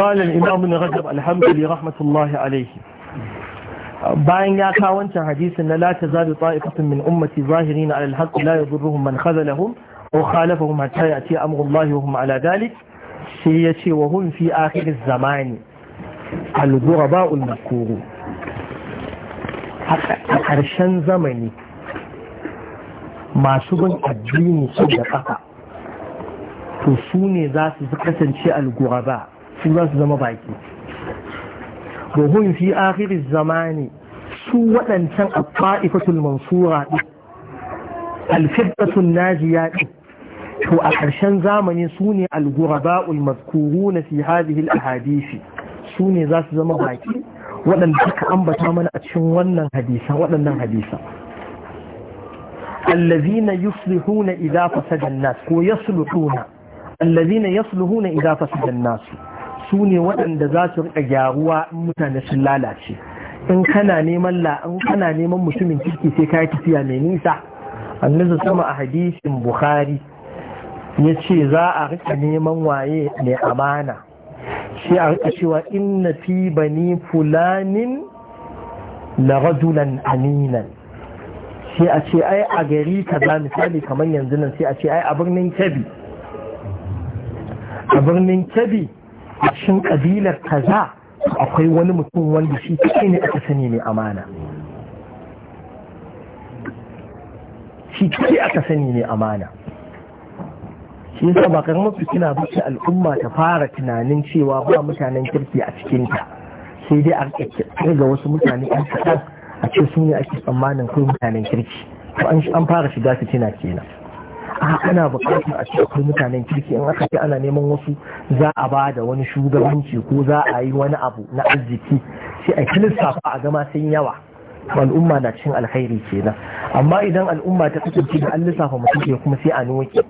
قال الإمام الرجب الحمد لله رحمه الله عليه باين يا كاوان حديث أن لا تزال طائفة من امتي ظاهرين على الحق لا يضرهم من خذلهم وخالفهم حتى يأتي أمر الله وهم على ذلك سيئة وهم في آخر الزمان الضرباء المذكور أرشان زمني ما سبن أجيني سبقها تسوني ذات ذكرة شيء الغرباء su za su zama baki ruhun fi akhir zamani su waɗancan afa'ifatul mansura din alfiddatun najiya din to a ƙarshen zamani su ne al-ghuraba'ul mazkuruna fi hadhihi al-ahadisi su ne za su zama baki waɗanda suka ambata mana a cikin wannan hadisan waɗannan hadisan الذين يصلحون إذا فسد الناس ويصلحون الذين يصلحون إذا فسد الناس su ne waɗanda za su rika gyaruwa in mutane sun lalace in kana neman la in kana neman mutumin kirki sai ka yi tafiya mai nisa annabi sama a hadisin bukhari ya ce za a rika neman waye mai amana shi a rika cewa inna fi bani fulanin la rajulan aminan sai a ce ai a gari ka za misali kamar yanzu nan sai a ce ai a birnin kebi a birnin kebi a cikin ƙabilar kaza akwai wani mutum wanda shi kai ne aka sani mai amana shi kai aka sani mai amana shi yasa ba karamar fitina ba ce al'umma ta fara tunanin cewa ba mutanen kirki a cikinta sai dai a ga wasu mutane yan kaɗan a ce su ne ake tsammanin kai mutanen kirki to an fara shiga fitina kenan ana bukatar a cikin mutanen kirki in aka ce ana neman wasu za a ba da wani shugabanci ko za a yi wani abu na arziki sai a lissafa a gama sun yawa al'umma na cin alkhairi kenan amma idan al'umma ta kasance da an lissafa mutum ke kuma sai a noke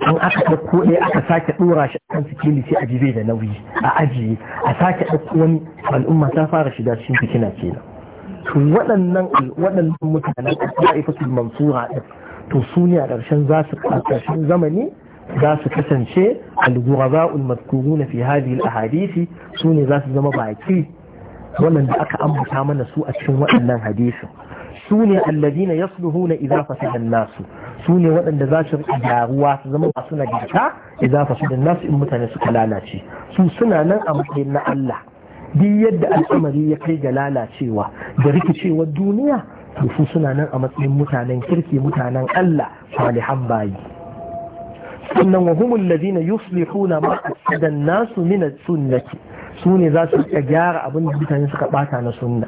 in aka ɗauko ɗaya aka sake ɗora shi kan sikeli sai a ji bai da nauyi a ajiye a sake ɗauko wani al'umma ta fara shiga cikin fitina kenan waɗannan waɗannan mutanen a ta'ifatul mansura ɗin to su ne a ƙarshen za su ƙarshen zamani za su kasance al-ghuraba'ul madhkuruna fi hadhihi al su ne za su zama baki wannan da aka ambata mana su a cikin waɗannan hadisi su ne alladina na idza fasada nasu su ne waɗanda za su riƙa gyaruwa su zama masu nagarta idza fasada nasu in mutane suka lalace su suna nan a matsayin na Allah duk yadda al'amari ya kai ga lalacewa da rikicewar duniya to su suna nan a matsayin mutanen kirki mutanen Allah salihan bayi sannan wa humul ladina yuslihuna ma asadan nasu min sunnati su ne za su gyara abin da mutane suka bata na sunna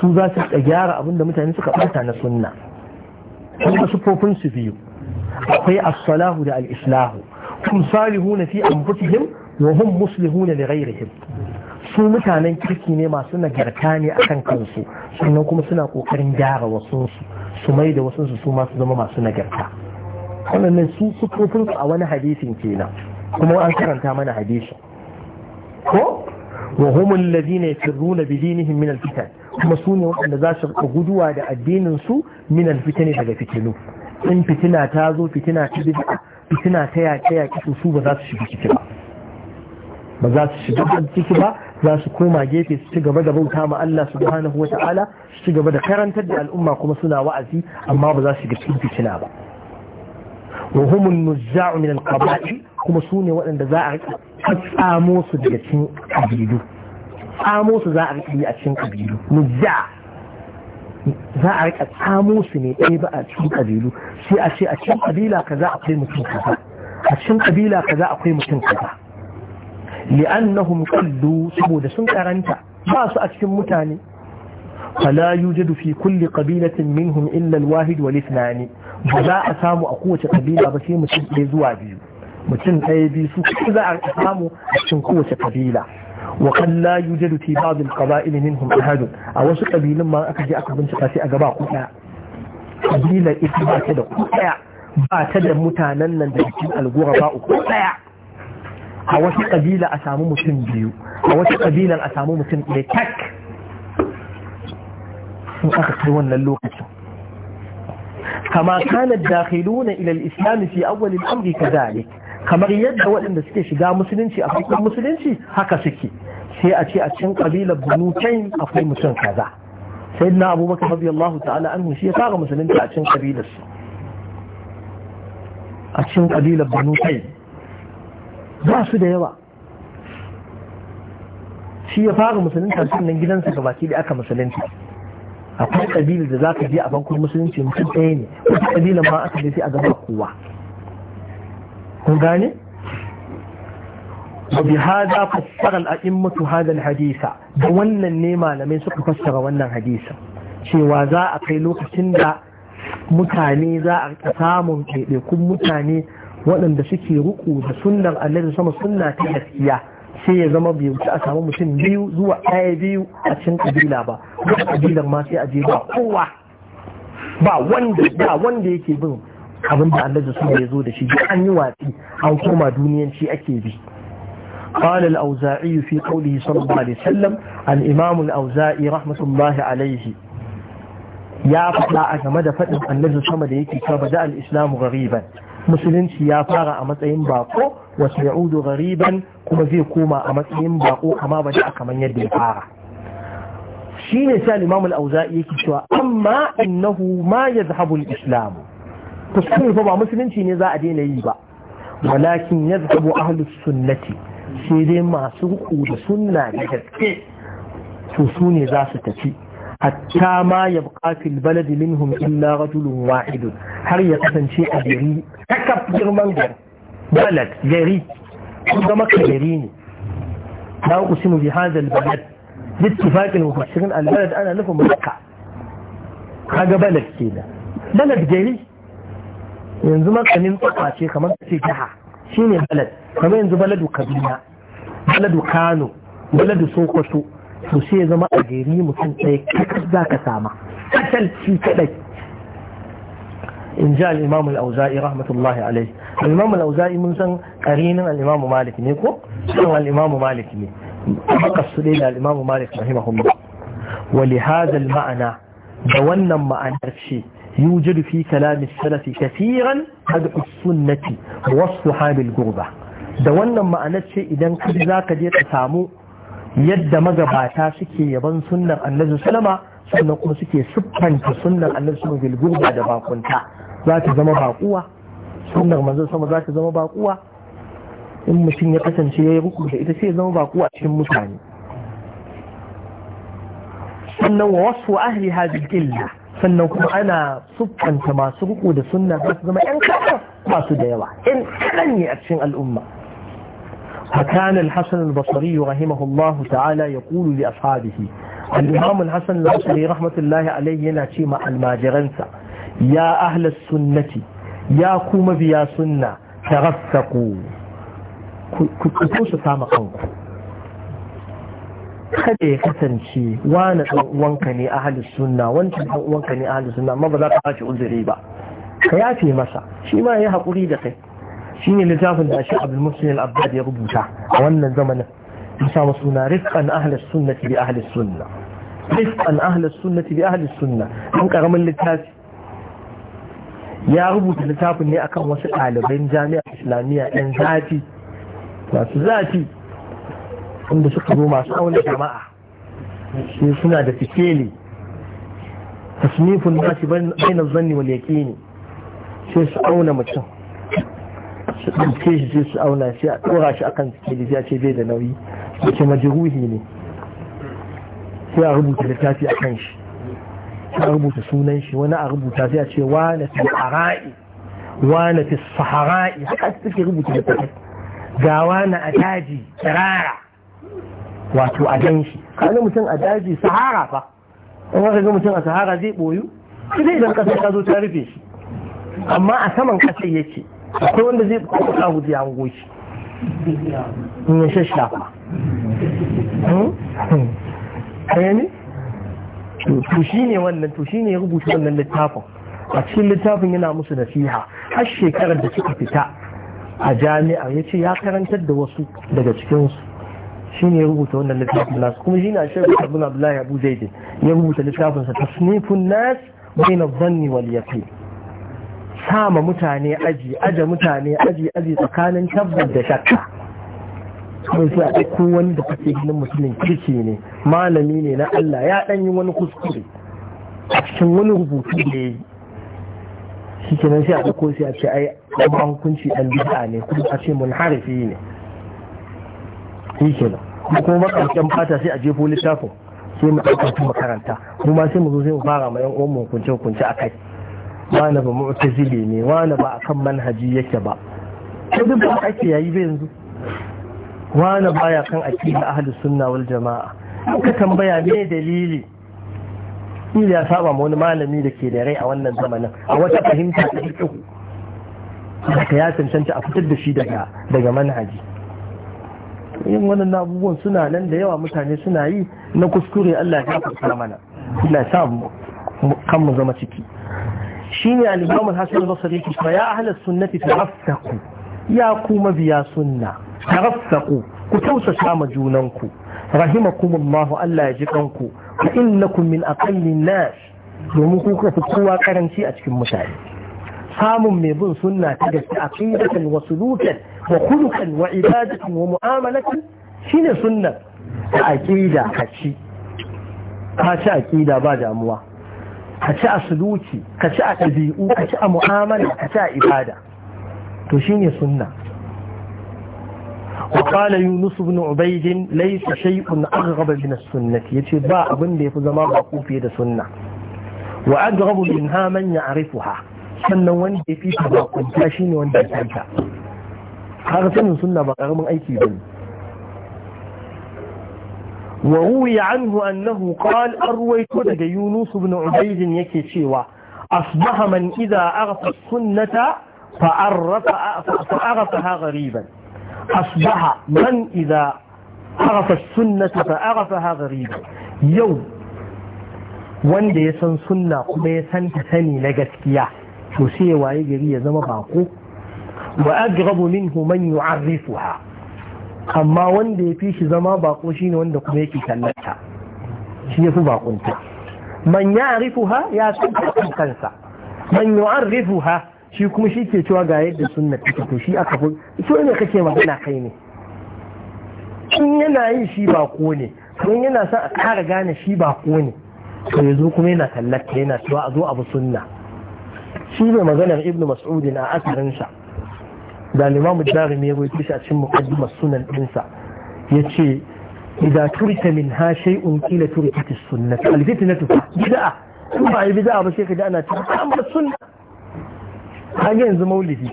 su za su gyara abin da mutane suka bata na sunna kuma sufofin su biyu akwai as-salahu da al-islahu hum salihuna fi anfusihim wa hum muslihuna li ghayrihim su mutanen kirki ne masu nagarta ne akan kansu sannan kuma suna kokarin gyara wasu su mai da wasu su masu zama masu nagarta wannan su sufofin a wani hadisin kenan kuma an karanta mana hadisi ko wa humul ladina yafirruna bi dinihim min al-fitan kuma su ne waɗanda za su guduwa da addinin su min al-fitani daga fitilu in fitina ta zo fitina ta bid'a fitina ta yaƙe yaƙe su ba za su shiga ciki ba ba za su shiga ciki ba za su koma gefe su ci gaba da bauta ma Allah subhanahu wata'ala su ci gaba da karantar da al'umma kuma suna wa'azi amma ba za su ga cikin fitina ba wa humun nuzza'u min al-qaba'i kuma su ne waɗanda za a tsamo su daga cikin kabilu tsamo su za a riƙa yi a cikin kabilu nuzza za a riƙa tsamo su ne ɗaya ba a cikin kabilu sai a ce a cikin kabila kaza akwai mutum kaza a cikin kabila kaza akwai mutum kaza li'annahum qallu saboda sun karanta ba su a cikin mutane fala yujadu fi kulli qabilatin minhum illa al-wahid wal ithnani ba za a samu a kowace kabila ba sai mutum ɗaya zuwa biyu mutum ɗaya biyu su za a samu a kowace kabila وقد لا يوجد في بعض القبائل منهم أحد أو سو قبيل ما أكجي أكبر شقاسي أقبا قطع قبيلة da mutanen nan da تدى متانن دكتين الغرباء قطع a wasu ƙabila a samu mutum biyu a wasu ƙabilar a samu mutum ɗaya tak sun aka kai wannan lokacin kama kanar dakhiluna ila al-islam fi awwal al-amri kadhalik kamar yadda waɗanda suke shiga musulunci a farkon musulunci haka suke sai a ce a cikin kabilar banu tain akwai mutum kaza sai na abu abubakar radiyallahu ta'ala anhu shi ya fara musulunci a cikin kabilar su a cikin kabilar banu tain ba su da yawa shi ya fara musulun musulunta nan gidansa ga baki da aka musulunta akwai kabila da za ka je a farkon musulunci mutum ɗaya ne wata kabila ma aka je sai a gaba kowa kun gane wa bi hada fassara al-a'immatu hada hadisa da wannan ne malamai suka fassara wannan hadisa cewa za a kai lokacin da mutane za a samun ɗaiɗaikun mutane waɗanda suke ruku da sunnar annabi sama sunna ta gaskiya sai ya zama bai wuce a samu mutum biyu zuwa ɗaya biyu a cikin kabila ba wata kabilar ma sai a je ba kowa ba wanda ba wanda yake bin abin da annabi sama ya zo da shi duk an yi watsi an koma duniyanci ake bi قال الأوزاعي في قوله صلى الله عليه وسلم الإمام الأوزاعي رحمة الله عليه يا فلا أجمد فتن النبي صلى الله عليه وسلم الإسلام غريبا musulunci ya fara a matsayin bako wasu ya'udu gariban kuma zai koma a matsayin bako kama ba da kamar yadda ya fara shi ne sa Limamul al-auza'i yake cewa amma innahu ma ya al-islam Ta sai ba musulunci ne za a daina yi ba walakin yazhabu ahlus sunnati sai dai masu ruku da sunna da gaske to su ne za su tafi hatta ma ya buƙafil balad minhum illa rajulun wahidun har ya kasance a gari takaf girman gari balad gari kun ga maka gari ne la uqsimu bi hadha al balad bi ittifaqil mufassirin al balad ana nufin makka kaga balad kenan balad gari yanzu matsanin tsaka ce kamar ce jiha shine balad kamar yanzu baladu kaduna baladu kano baladu sokoto to sai zama a gari mutum ɗaya kakar za ka sama kacal shi kaɗai in ji al'imam al'auza'i rahmatullahi alaihi al'imam al'auza'i mun san ƙarinin al'imamu malik ne ko san al'imamu malik ne baka su da al'imamu malik rahimahullah wali hadal ma'ana da wannan ma'anar ce يوجد في كلام السلف كثيرا مدح السنة والصحاب القربة da wannan ma'anar ce idan kudi za ka je ka samu yadda magabata suke yaban sunnar annabi sallama sannan kuma suke siffanta sunnar annabi sallama bil gurba da bakunta za ta zama bakuwa sunnar manzon sama za ta zama bakuwa in mutum ya kasance ya yi ruku da ita sai ya zama bakuwa a cikin mutane sannan wa wasu ahli hadhihi illa sannan kuma ana siffanta masu ruku da sunna za su zama yan kaɗan masu da yawa yan kaɗan ne a cikin al'umma فكان الحسن البصري رحمه الله تعالى يقول لأصحابه الإمام الحسن البصري رحمة الله عليه يناتي مع الماجرنسة يا أهل السنة يا كوم بيا سنة تغفقوا كتوش سامقنكم kada ya kasance wani ɗan uwanka ne ahalus sunna wancan ɗan uwanka ne ahalus sunna amma ba za ka ba shi uzuri ba ka yafe masa shi ma ya haƙuri da kai ne littafin da shi abdul muslim al-abbad ya rubuta a wannan zamanin musa masu suna rifqan ahlus sunnati bi ahlus sunna rifqan ahlus sunnati bi ahlus suna don karamin littafi ya rubuta littafin ne akan wasu ɗaliban jami'a islamiyya ɗan zafi masu zafi wanda suka zo masu auna jama'a sai suna da fikeli tasnifun nasi bain az-zanni wal yaqini sai su auna mutum su ɗauke shi sai su auna shi a ɗora shi akan sikeli ya ce bai da nauyi da ke majiruhi ne sai a rubuta littafi a kan shi sai a rubuta sunan shi wani a rubuta sai a ce na fi ara'i na fi sahara'i haka suke rubuta littafi ga na a daji tsirara wato a gan shi kanu mutum a daji sahara fa in wata ga mutum a sahara zai boyu sai idan kasar ta zo ta rufe shi amma a saman kasar yake akwai wanda zai kuka hudu ya hango shi in ya shashafa ƙaya hmm? ne? to shi ne wannan to shi ne ya rubuta wannan littafin a cikin littafin yana musu nasiha har shekarar da suka fita a jami'a ya ce ya karantar da wasu daga cikinsu shi ne ya rubuta wannan littafin nasu kuma shi na rubuta abu na abu zaidi ya rubuta littafinsa tasnifun nasu bai na zanni wal yaqin sama mutane aji aje mutane aji aji tsakanin tabbas da shakka Kuma sai a ɗauko wani da kake ganin musulmin kirki ne malami ne na Allah ya ɗan yi wani kuskure a cikin wani rubutu da ya yi shi nan sai a ɗauko sai a ce ai ɗan hukunci ɗan bid'a ne kuma a ce mun harafi ne shi kenan kuma makarantar fata sai a jefo littafin sai mu ɗauka su makaranta Kuma sai mu zo sai mu fara ma yan uwan mu hukunce hukunce a kai wani ba zile ne wani ba a kan manhaji yake ba ko duk ba ake yayi ba yanzu wani ya kan da ahalus sunna wal jamaa ka tambaya me dalili ni ya saba ma wani malami da ke da rai a wannan zamanin a wata fahimta ta Da haka ya cancanta a fitar da shi daga manhaji yin wani abubuwan suna nan da yawa mutane suna yi na kuskure Allah ya gafarta mana ina sa kan mu zama ciki shine al-imam al-hasan al-basri yake ya ahlus sunnati taraffaqu ya ku mabiya sunna taraffaqu ku tausasa ma junanku rahimakumullahu Allah ya ji kanku fa innakum min aqallin nas domin ku fi kowa karanci a cikin mutane samun mai bin sunna ta gaske aqidatan wa sulukan wa khuluqan wa ibadatan wa mu'amalatan shine sunna a aqida kaci ka ci aqida ba damuwa ka ci a suluki ka ci a ɗabi'u ka ci a mu'amala ka ci a ibada to shine sunna wa yunus ibn ubayd laysa shay'un na min as-sunnah yace ba abinda ya fi zama ba kufi da sunna wa aghrab min ari man ya'rifuha sannan wanda yafi ta ba kunta shine wanda ya san ta har sanin sunna ba karamin aiki bane وروي عنه أنه قال أروي كدك يونس بن عبيد يكي شيوا أصبح من إذا أغطى السنة فأغطها غريبا أصبح من إذا أغطى السنة فأغطها غريبا يوم وان دي يسن سنة قد يسن تسني لجسكيا شو سيوى يجري يزم باقو وأجغب منه من يعرفها amma wanda ya fi shi zama bako shine wanda kuma yake kallata shi ya fi bakunta man ya ha ya san kansa man ya ha, shi kuma shi ke cewa ga yadda sunna take to shi aka fi so ne kake magana kai ne in yana yin shi bako ne to yana sa a kara gane shi bako ne to yazo kuma yana kallata yana cewa a zo abu sunna shi ne maganar ibnu mas'udin a asarinsa da limamu jarumi ya goyi shi a cikin muqaddimar sunan dinsa ce idan turita min ha shai shay'un qila turita as na al-fitnatu bid'a in ba yi bid'a ba sai ka ji ana cewa amma sunna kage yanzu maulidi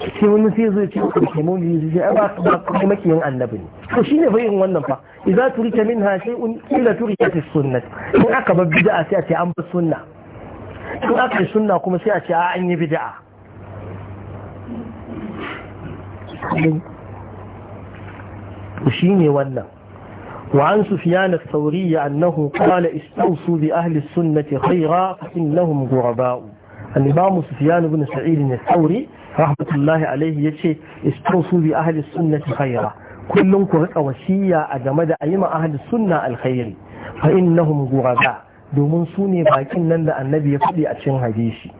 sai wani sai zai ce ku ke maulidi sai ba ba kuma makiyin annabi ne to shine fa irin wannan fa idan turita min ha shay'un qila turita sunnah in aka bar bid'a sai a ce an bar sunna in aka yi sunna kuma sai a ce a an yi bid'a ne wannan wa'an su fiya na sauriya annahu kwale istausu bi ahli sunnati khaira in lahum gurabau an ba mu su fiya na bin sa'ili ne sauri rahmatullahi alaihi ya ce istausu bi ahli sunnati khaira kullum ku rika wasiya a game da ayyuma ahli sunna alkhairi fa guraba domin sune ne bakin nan da annabi ya faɗi a cikin hadisi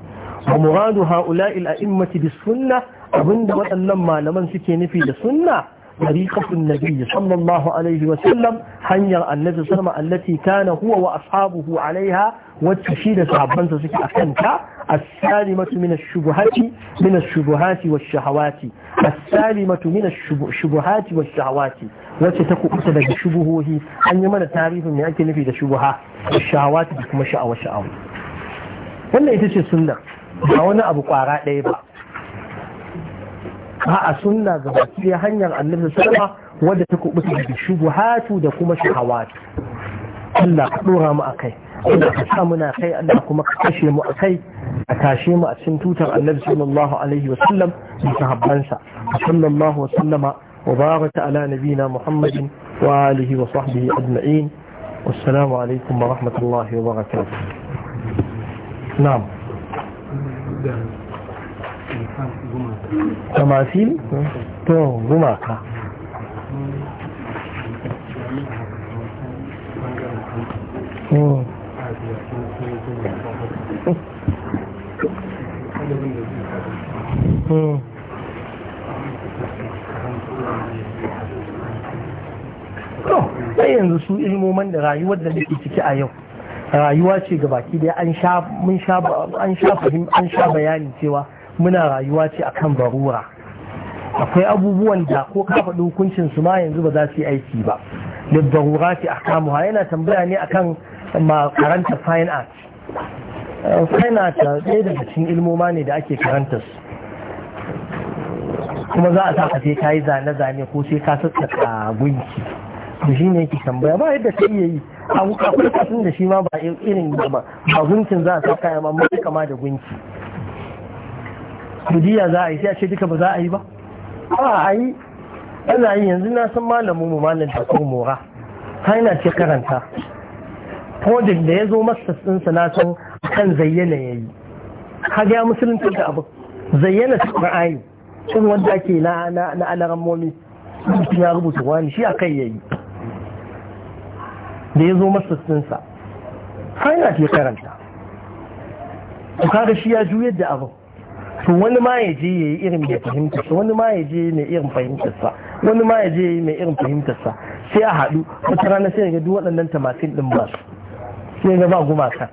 wa muradu ha'ula'il a'immati bisunna abinda waɗannan malaman suke nufi da sunna tariqatun nabiy sallallahu alaihi wa sallam hanyar annabi sallama allati kana huwa wa ashabuhu alaiha wa tashi da sahabbansa suke akan ta as-salimatu min ash-shubuhati min ash-shubuhati wash-shahawati as-salimatu min wace ta kuɓuta daga shubuhohi an yi mana tarihin me ake nufi da shubuha shahawati da kuma sha'awa sha'awa wannan ita ce sunnah ba wani abu kwara ɗaya ba a sunna ga baki hanyar annabi sallama wadda ta kubuta da shubuhatu da kuma shahawatu Allah ka dora mu akai Allah ka sa muna kai Allah kuma ka kashe mu akai a tashe mu a cikin tutar annabi sallallahu alaihi wa sallam da sahabbansa sallallahu wa sallama wa baraka ala nabina muhammadin wa alihi wa sahbihi ajma'in wassalamu alaikum wa rahmatullahi wa barakatuh na'am tamasil to gumaka hmm. Hmm. sai yanzu su ilmoman da rayuwar da nake ciki a yau rayuwa ce ga baki daya an sha bayani cewa muna rayuwa ce akan barura akwai abubuwan da ko ka faɗi hukuncin su ma yanzu ba za su yi aiki ba barura ce a kamuwa yana tambaya ne akan ma karanta fine art eh, fine art ɗaya daga cikin ilmoma ne da ake karanta su kuma za a sa ka sai ka yi zane-zane ko sai ka sassaka gunki da shi ne yake tambaya ba yadda ka iya yi a wuka kasin da shi ma ba irin ba gunkin za a sa kayan ma kama da gunki diya za a yi sai a ce duka ba za a yi ba ba a yi ana yi yanzu na san malamin mu malam takur mora ta yana ce karanta kodin da ya zo masa ɗinsa na san kan zayyana ya yi kaga ya musulunci da abu zayyana ta ƙur'ani cin wanda ake na alaran momi ya rubuta wani shi a kai ya yi da ya zo masters ɗinsa ta yana ce karanta to ga shi ya juyar da abin to wani ma ya je ya yi irin mai fahimtarsa wani ma ya je mai irin wani ma ya je ya yi mai irin sai a haɗu wata rana sai ga duk waɗannan tamasin ɗin ba su sai ga ba gumaka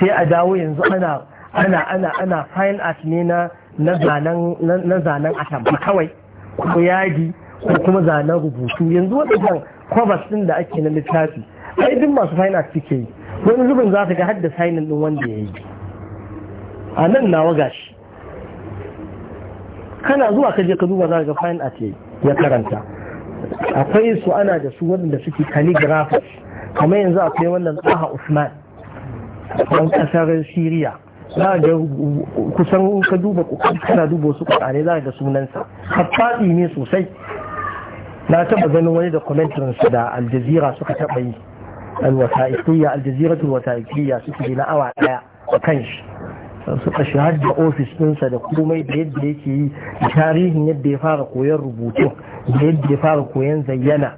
sai a dawo yanzu ana ana ana ana fine art ne na na zanen na zanen kawai ko yadi ko kuma zanen rubutu yanzu waɗannan kwabas ɗin da ake na littafi ai duk masu fine art suke yi wani zubin za ka ga hadda ɗin wanda ya yi a nan na waga kana zuwa ka je ka duba za ga fine art ya karanta akwai su ana da su waɗanda suke calligraphers kamar yanzu akwai wannan tsaha usman ɗan ƙasar syria za ga kusan ka duba kana duba wasu ƙwarane za ga sunansa faɗi ne sosai na taɓa ganin wani dokumentarinsu da aljazira suka taɓa yi alwasa'ikiyya aljazira wasa'ikiyya suke na awa ɗaya a kan shi suka shahar da ofis ɗinsa da komai da yadda yake yi da tarihin yadda ya fara koyon rubutu da yadda ya fara koyon zayyana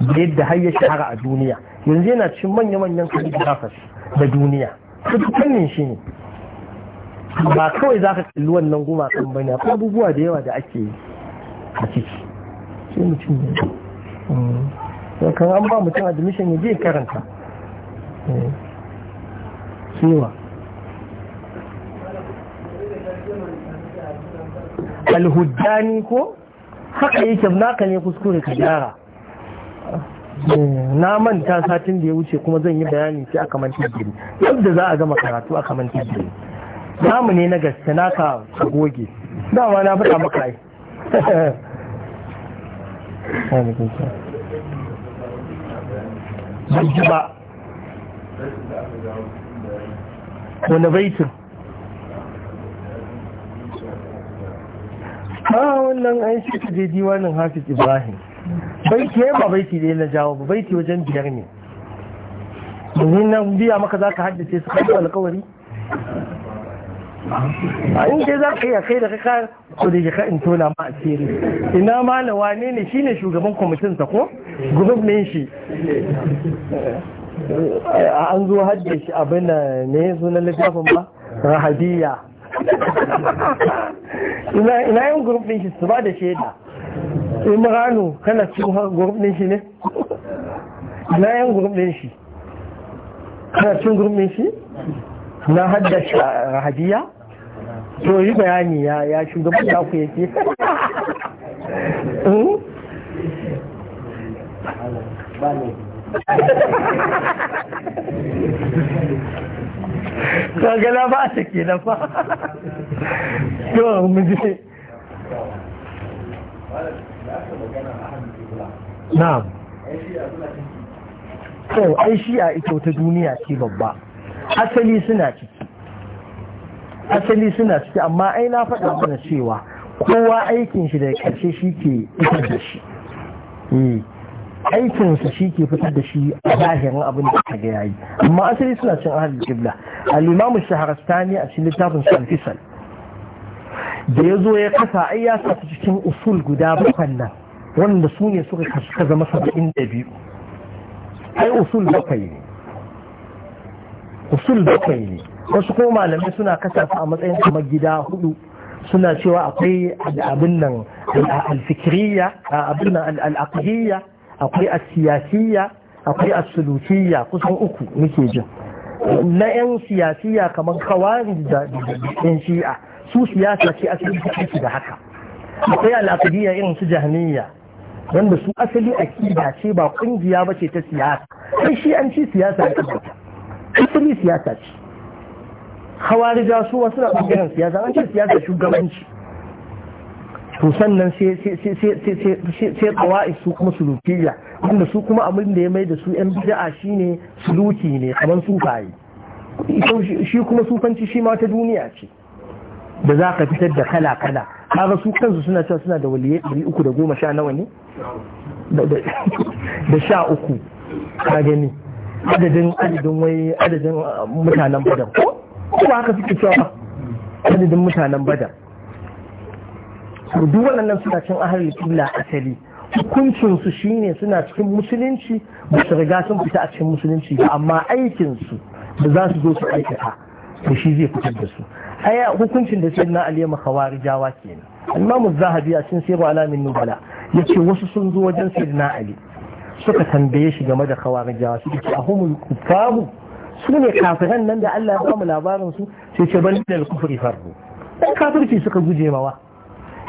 da yadda har ya shahara a duniya yanzu yana cikin manya-manyan calligraphers da duniya su dukkanin shi ne ba kawai za ka kalli wannan goma kan bane akwai abubuwa da yawa da ake yi a ciki sai mutum ya kan an ba mutum admission ya je karanta cewa eh. alhuddani ko haka yake naka ne kuskure ka gyara na manta satin da ya wuce kuma zan yi bayani shi aka manta gini yadda za a gama karatu aka manta gini namu ne na gaske naka ka goge dama na fita maka yi ba wani baitin a wannan an shi ka je diwanin hafiz ibrahim baiti ba baiti ne na jawo ba baiti wajen biyar ne domin nan biya maka za ka haddace su kai alkawari a in dai za ka yi kai da kakar? ko da ka in tona ma a tsere ina na wane ne shi ne shugaban kwamitin sa ko group ne shi an zo haddace abin ne sunan littafin ba rahadiyya ina yin gurbin shi su ba da shaida imranu kana cikin gurbin shi ne ina yin gurbin shi kana cikin gurbin shi na haddace rahadiya to yi bayani ya ya shugaban da ku yake hmm? Ka gana ba a take na fa. to mu je na'am to ai shi'a ita wata duniya ce babba asali suna ciki asali suna ciki amma ai na faɗa mana cewa kowa aikin shi da ƙarshe shi ke fitar da shi eh, aikinsa shi ke fitar da shi a zahirin abin da ka ga yayi amma asali suna cin ahal jibla al-imam shahrastani a cikin littafin sulfisal da ya zo ya kasa ai ya sa cikin usul guda bakwai nan wanda su ne suka suka zama saba'in da biyu ai usul bakwai ne usul bakwai ne wasu ko malamai suna kasa a matsayin kamar gida hudu suna cewa akwai abin nan alfikiriya abin nan al'aqdiyya akwai siyasiya, akwai asulukiyya kusan uku nake jin na yan siyasiya kamar kawari da yan shi'a su siyasa ce asali ta aiki da haka akwai al'aqidiyya irin su jahmiya wanda su asali a kida ce ba kungiya ba ce ta siyasa sai shi an ci siyasa a kanta asali siyasa ce hawarija su wasu na bangaren siyasa an ce siyasa shugabanci to sannan sai tsawa'i su kuma sulukiya wanda su kuma abin da ya mai da su yan bid'a shine suluki ne kamar sufaye shi kuma sufanci shi ma ta duniya ce da za ka fitar da kala kala kaga su kansu suna cewa suna da waliyai ɗari uku da goma sha nawa ne da sha uku ka gani adadin adadin wai adadin uh, mutanen badar ko ba haka suke cewa ba adadin mutanen badar to duk waɗannan suna cin ahalul kibla asali hukuncin su shine suna cikin musulunci ba su riga sun fita a cikin musulunci ba amma aikin su da za su zo su aikata to shi zai fitar da su aya hukuncin da sayyidina ali ma jawa kenan imam zahabi a cikin sirru alamin nubala ce wasu sun zo wajen na ali suka tambaye shi game da khawarijawa suka ce ahumul kufaru su ne kafiran nan da Allah ya ba mu labarin su sai ce ban da kufri fardu dan kafirci suka guje mawa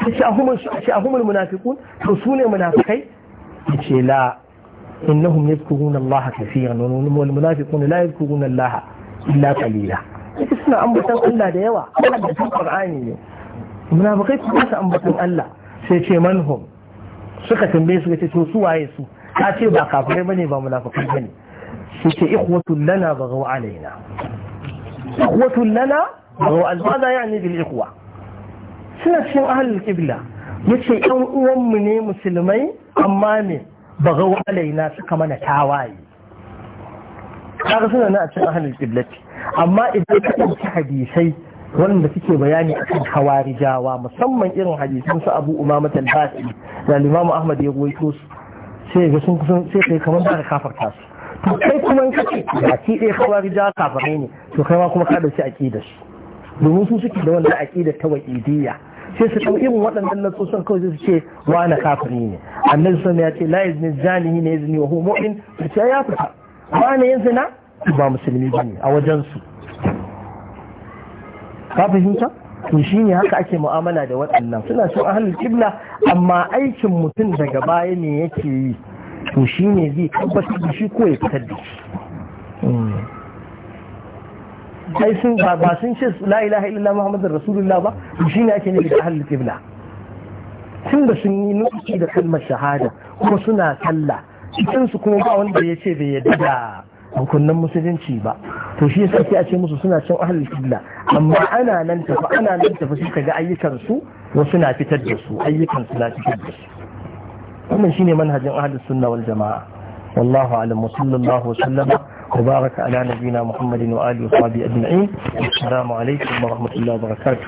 yace ahumul shi ahumul munafiqun to su ne munafikai ce la innahum yadhkuruna Allah kaseeran wal munafiquna la yadhkuruna Allah illa qalila ita suna ambatan Allah da yawa ambatan Qur'ani ne munafikai su ba ambatan Allah sai ce manhum suka tambaye su ce to su waye su ka ce ba kafirai bane ba munafikai bane su ce ikhwatul lana baghaw alaina ikhwatul lana baghaw al-bada yani bil ikhwa suna cikin ahlul qibla yace yan uwanmu ne musulmai amma ne baghaw alaina suka mana tawaye kaga suna na a cikin ahlul qiblati amma idan ka ɗauki hadisai wanda suke bayani akan hawarijawa musamman irin hadisan su Abu Umama al-Basi da Imam Ahmad ya goyito su sai ga sun kusan sai kai kamar da kafarta su to kai kuma in kace ba ki dai ne to kai ma kuma ka ɗauki aqidar su domin su suke da wannan aqidar ta waqidiyya sai su ɗau irin waɗannan nasosan kawai su ce wani kafiri ne annabi sun ya ce la ne zanihi ne izni wa huwa mu'min sai ya fita wani yin zina ba musulmi bane a wajen su ka fahimta to ne haka ake mu'amala da waɗannan suna so ahlul kibla amma aikin mutum daga baya ne yake yi to ne zai tabbatar da shi ko ya fitar da shi sai hmm. sun ba sun ce la ilaha illallah muhammadur rasulullah ba ne ake ne da ahlul kibla tun da sun yi nufi da kalmar shahada kuma suna sallah cikin su kuma ba wanda ya ce bai yadda hukunnan musulunci ba to shi yasa sai a ce musu suna cin ahlul kibla amma ana nan tafi ana nan tafi suka ga ayyukan su wasu na fitar da su ayyukan su na fitar da su wannan shine manhajin ahlus sunna wal jamaa wallahu a'lam wa sallallahu wa sallama وبارك على نبينا محمد وآله وصحبه أجمعين السلام عليكم ورحمة wa وبركاته